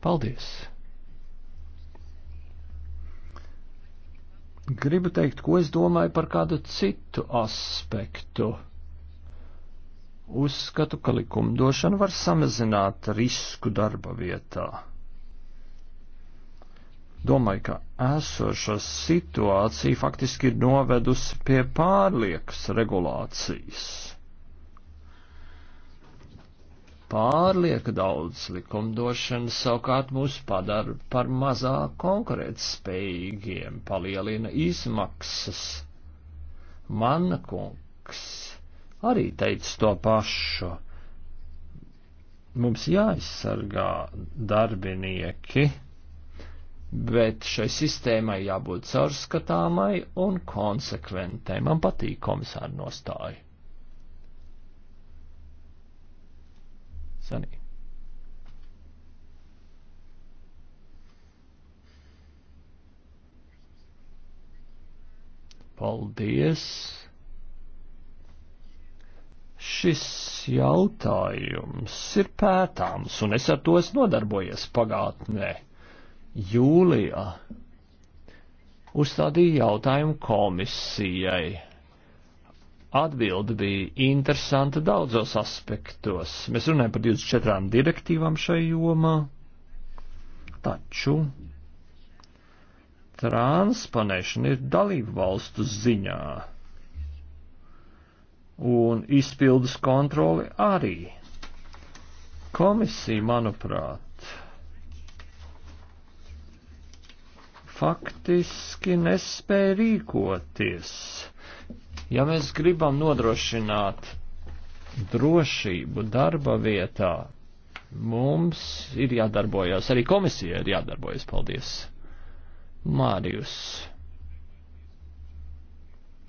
Paldies! Gribu teikt, ko es domāju par kādu citu aspektu. Uzskatu, ka likumdošana var samazināt risku darba vietā domāju, ka esošā situācija faktiski ir novedusi pie pārliekas regulācijas. Pārlieku daudz likumdošana savukārt mūs padara par mazāk konkurētspējīgiem, palielina izmaksas. Mana kungs arī teica to pašu. Mums jāizsargā darbinieki bet šai sistēmai jābūt caurskatāmai un konsekventai. Man patīk komisāra nostāja. Sanī. Paldies! Šis jautājums ir pētāms, un es ar to esmu nodarbojies pagātnē. Jūlijā uzstādīja jautājumu komisijai Atbilde bija interesanta daudzos aspektos. Mēs runājam par 24 direktīvām šai jomā, taču transponēšana ir dalību valstu ziņā, un izpildes kontroli arī. Komisija, manuprāt, faktiski nespēja rīkoties Ja mēs gribam nodrošināt drošību darba vietā, mums ir jādarbojas, arī komisija ir jādarbojas. Paldies! Mārijus.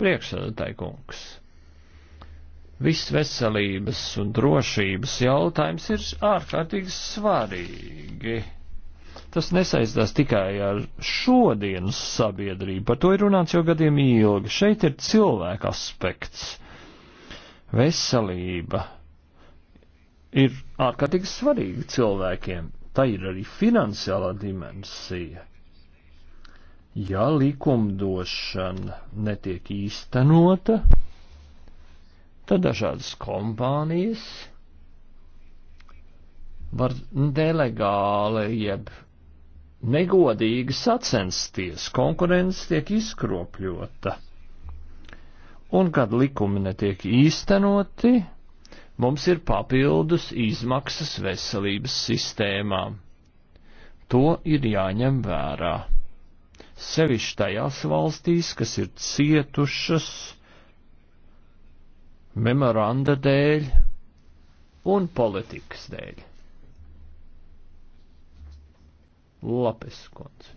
Priekšsēdētāji kungs. Viss veselības un drošības jautājums ir ārkārtīgi svarīgi. Tas nesaistās tikai ar šodienas sabiedrību, par to ir runāts jau gadiem ilgi. Šeit ir cilvēka aspekts, veselība ir ārkārtīgi svarīga cilvēkiem. Tā ir arī finansiālā dimensija. Ja likumdošana netiek īstenota, tad dažādas kompānijas var nelegāli jeb negodīgi sacensties, konkurence tiek izkropļota. Un, kad likumi netiek īstenoti, mums ir papildus izmaksas veselības sistēmām. To ir jāņem vērā. Sevišķi tajās valstīs, kas ir cietušas memoranda dēļ un politikas dēļ. Lapes kundze.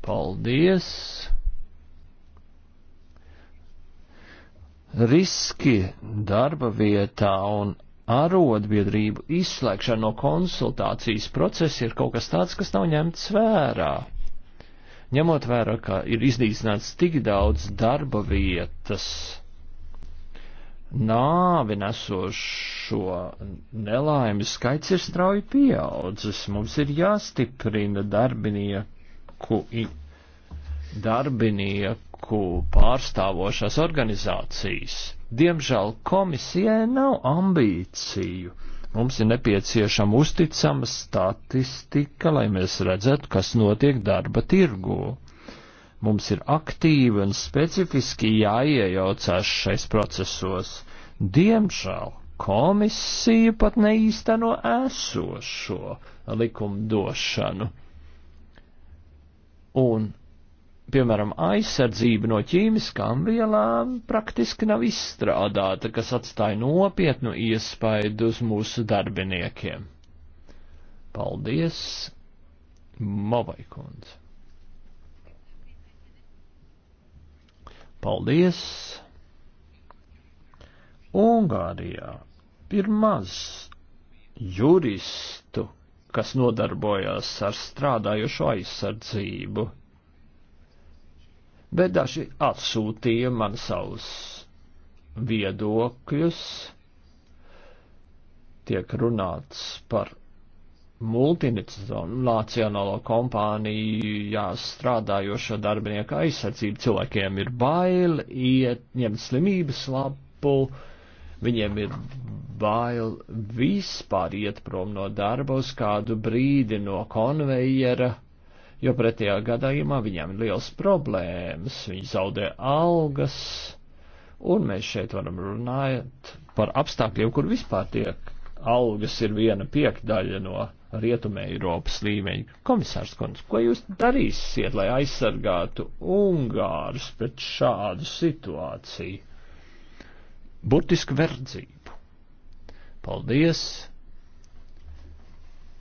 Paldies! Riski darba vietā un arotbiedrību izslēgšana no konsultācijas procesa ir kaut kas tāds, kas nav ņemts vērā. Ņemot vērā, ka ir iznīcināts tik daudz darba vietas, nāvi nesošo nelaimi skaits ir strauji pieaudzis. Mums ir jāstiprina darbinieku, darbinieku pārstāvošās organizācijas. Diemžēl komisijai nav ambīciju. Mums ir nepieciešama uzticama statistika, lai mēs redzētu, kas notiek darba tirgū Mums ir aktīvi un specifiski jāiejaucās šais procesos. Diemžēl komisija pat neīsteno esošo likumdošanu. Un, piemēram, aizsardzība no ķīmiskām vielām praktiski nav izstrādāta, kas atstāja nopietnu iespaidu uz mūsu darbiniekiem. Paldies, Mavaikundze! Paldies! Ungārijā ir maz juristu, kas nodarbojās ar strādājušo aizsardzību, bet daži atsūtīja man savus viedokļus, tiek runāts par multinacionālo kompāniju jāstrādājošo darbinieku aizsardzību. Cilvēkiem ir bail, iet, ņemt slimības lapu, viņiem ir bail vispār iet prom no darba uz kādu brīdi no konvejera, jo pretējā gadījumā viņiem ir liels problēmas, viņi zaudē algas, un mēs šeit varam runāt par apstākļiem, kur vispār tiek algas ir viena piekdaļa no Rietumē Eiropas līmeņu. Komisārs Kundze, ko jūs darīsiet, lai aizsargātu Ungārus pret šādu situāciju? Burtisku verdzību. Paldies,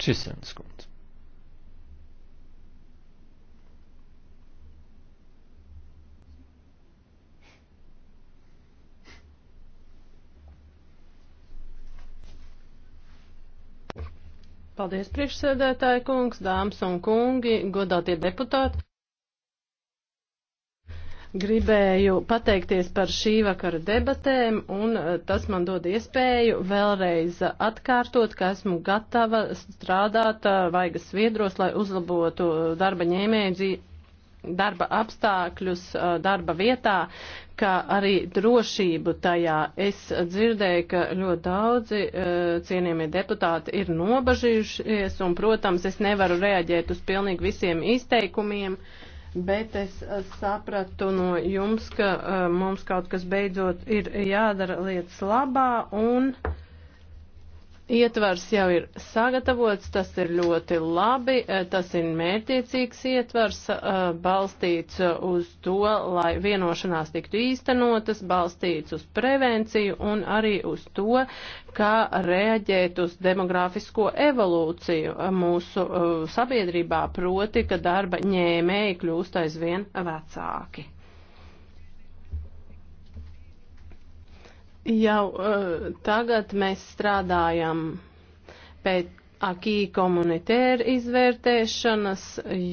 Čisens Kundze. Paldies, priekšsēdētāji kungs, dāmas un kungi, godātie deputāti. Gribēju pateikties par šī vakara debatēm, un eh, tas man dod iespēju vēlreiz atkārtot, ka esmu gatava strādāt eh, vaigas viedros, lai uzlabotu eh, darba ņēmēju dzīvi darba apstākļus uh, darba vietā, kā arī drošību tajā. Es dzirdēju, ka ļoti daudzi uh, cienījamie deputāti ir nobažījušies, un, protams, es nevaru reaģēt uz pilnīgi visiem izteikumiem, bet es uh, sapratu no jums, ka mums kaut kas beidzot ir jādara lietas labā, un Ietvars jau ir sagatavots, tas ir ļoti labi, eh, tas ir mērķiecīgs ietvars, eh, balstīts eh, uz to, lai vienošanās tiktu īstenotas, balstīts uz prevenciju un arī uz to, kā reaģēt uz demografisko evolūciju mūsu sabiedrībā, proti, ka darba ņēmēji kļūst aizvien vecāki. Jau uh, tagad mēs strādājam pēc akī komunitēra izvērtēšanas,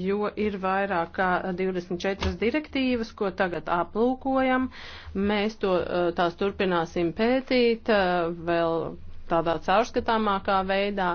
jo ir vairāk kā 24 direktīvas, ko tagad aplūkojam. Mēs to, e, tās turpināsim pētīt e, vēl tādā caurskatāmākā veidā.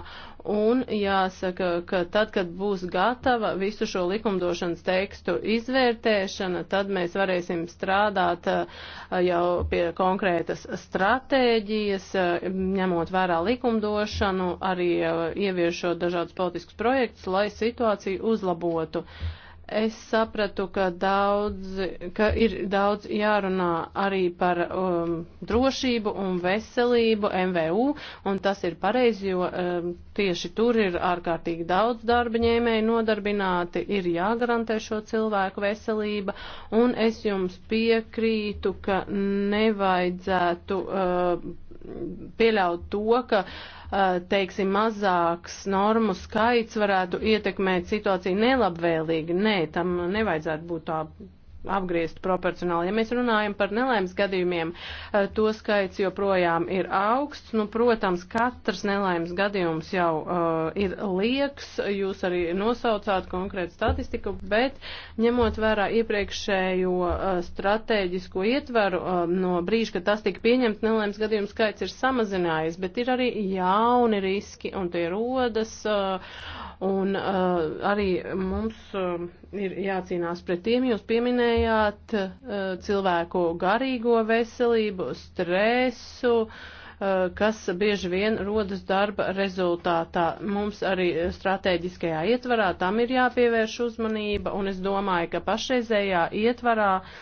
Un jāsaka, ka tad, kad būs gatava visu šo likumdošanas tekstu izvērtēšana, tad mēs varēsim strādāt eh, jau pie konkrētas stratēģijas, eh, ņemot vērā likumdošanu, arī eh, ieviešot dažādus politiskus projektus, lai situāciju uzlabotu. Uh, Es sapratu, ka, daudz, ka ir daudz jārunā arī par um, drošību un veselību MVU, un tas ir pareizi, jo um, tieši tur ir ārkārtīgi daudz darba ņēmēji nodarbināti, ir jāgarantē šo cilvēku veselība, un es jums piekrītu, ka nevajadzētu. Um, pieļaut to, ka, teiksim, mazāks normu skaits varētu ietekmēt situāciju nelabvēlīgi. Nē, tam nevajadzētu būt tā apgriezt proporcionāli. Ja mēs runājam par nelaimes gadījumiem, eh, to skaits joprojām ir augsts. Nu, protams, katrs nelaimes gadījums jau uh, ir lieks, jūs arī nosaucāt konkrētu statistiku, bet ņemot vērā iepriekšējo uh, eh, stratēģisko ietvaru, uh, no brīža, kad tas tika pieņemts, nelaimes gadījumu skaits ir samazinājies, bet ir arī jauni riski un tie rodas. Uh, Un uh, arī mums uh, ir jācīnās pret tiem. Jūs pieminējāt uh, cilvēku garīgo veselību, stresu, uh, kas bieži vien rodas darba rezultātā. Mums arī strateģiskajā ietvarā tam ir jāpievērš uzmanība, un es domāju, ka pašreizējā ietvarā uh,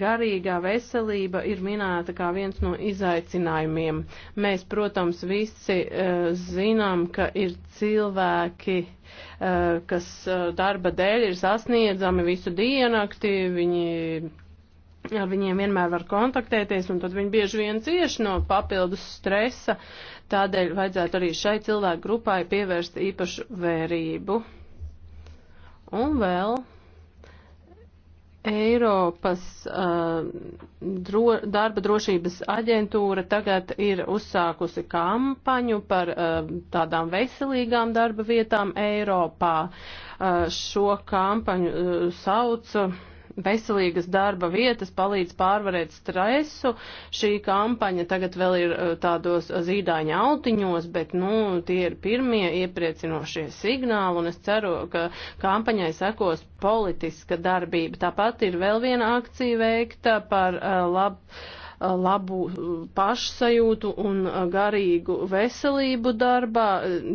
garīgā veselība ir minēta kā viens no izaicinājumiem. Mēs, protams, visi uh, zinām, ka ir cilvēki, uh, kas e, darba dēļ ir sasniedzami visu diennakti, viņi ar viņiem vienmēr var kontaktēties, un tad viņi bieži vien cieš no papildus stresa. Tādēļ vajadzētu arī šai cilvēku grupai pievērst īpašu vērību. Un vēl. Well. Eiropas uh, dro, darba drošības aģentūra tagad ir uzsākusi kampaņu par uh, tādām veselīgām darba vietām Eiropā. Uh, šo kampaņu uh, sauca veselīgas darba vietas palīdz pārvarēt stresu. Šī kampaņa tagad vēl ir eh, tādos zīdaiņa autiņos, bet, nu, tie ir pirmie iepriecinošie signāli, un es ceru, ka kampaņai sekos politiska darbība. Tāpat ir vēl viena akcija veikta par uh, eh, labu labu pašsajūtu un garīgu veselību darbā.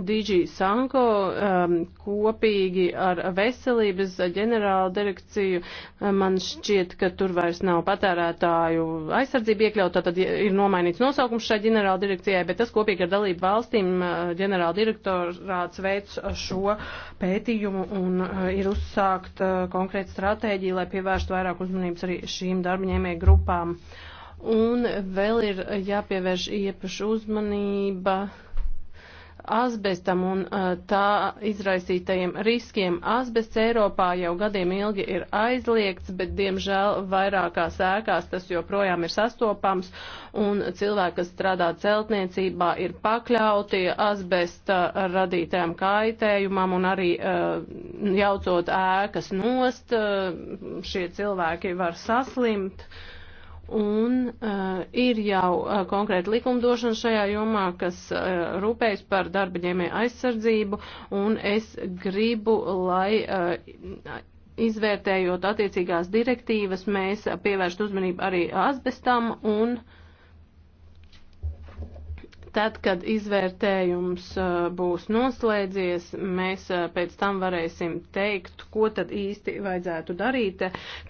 Digi Sanko um, kopīgi ar veselības ģenerālu direkciju man šķiet, ka tur vairs nav patērētāju aizsardzība iekļauta, tad ir nomainīts nosaukums šai ģenerāla direkcijai, bet tas kopīgi ar dalību valstīm ģenerāla direktorāts veids šo pētījumu un ir uzsākt konkrēta stratēģija, lai pievērstu vairāk uzmanības arī šīm darba ņēmēju grupām. Uh, Un vēl ir jāpievērš iepaša uzmanība azbestam un eh, tā izraisītajiem riskiem. Azbests Eiropā jau gadiem ilgi ir aizliegts, bet diemžēl vairākās ēkās tas joprojām ir sastopams un cilvēki, kas strādā celtniecībā, ir pakļauti azbesta radītajām kaitējumam un arī eh, jaucot ēkas nost, eh, šie cilvēki var saslimt. Uh, Un uh, ir jau uh, konkrēta likumdošana šajā jomā, kas uh, rūpējas par darba ņēmēju aizsardzību, un es gribu, lai uh, izvērtējot attiecīgās direktīvas, mēs pievērst uzmanību arī asbestam un uh, Tad, kad izvērtējums uh, būs noslēdzies, mēs uh, pēc tam varēsim teikt, ko tad īsti vajadzētu darīt,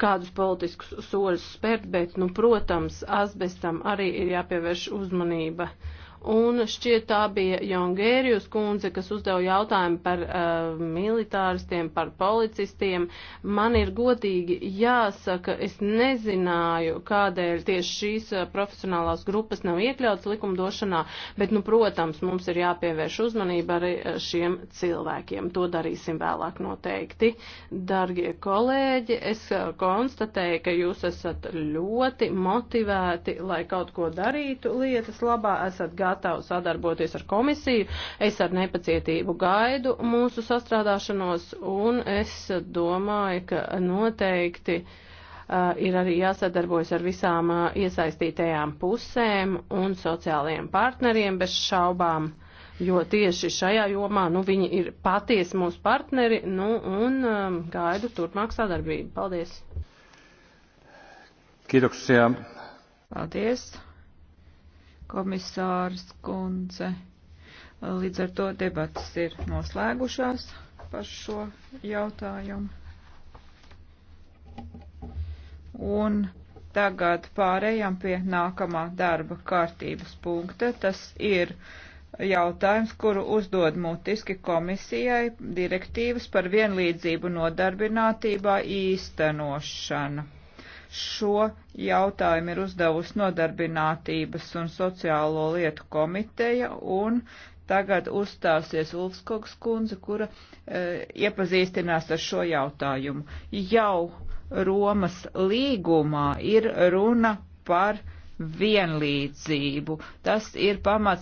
kādus politiskus soļus spērt, bet, nu, protams, asbestam arī ir jāpievērš uzmanība un šķiet tā bija Jongērijus kundze, kas uzdeva jautājumu par uh, militāristiem, par policistiem. Man ir godīgi jāsaka, es nezināju, kādēļ tieši šīs uh, profesionālās grupas nav iekļautas likumdošanā, bet, nu, protams, mums ir jāpievērš uzmanība arī eh, šiem cilvēkiem. To darīsim vēlāk noteikti. Dargie kolēģi, es uh, konstatēju, ka jūs esat ļoti motivēti, lai kaut ko darītu lietas labā. Esat gādājumi gatava sadarboties ar komisiju. Es ar nepacietību gaidu mūsu sastrādāšanos un es domāju, ka noteikti uh, ir arī jāsadarbojas ar visām uh, iesaistītajām pusēm un sociālajiem partneriem bez šaubām, jo tieši šajā jomā nu, viņi ir patiesi mūsu partneri nu, un um, gaidu turpmāk sadarbību. Paldies! Kiitoksia. Paldies komisārs kundze. Līdz ar to debatas ir noslēgušās par šo jautājumu. Un tagad pārējām pie nākamā darba kārtības punkta. Tas ir jautājums, kuru uzdod mutiski komisijai direktīvas par vienlīdzību nodarbinātībā īstenošanu. Šo jautājumu ir uzdevusi Nodarbinātības un sociālo lietu komiteja, un tagad uzstāsies Ulfskogs kundze, kura e, iepazīstinās ar šo jautājumu. Jau Romas līgumā ir runa par vienlīdzību. Tas ir pamats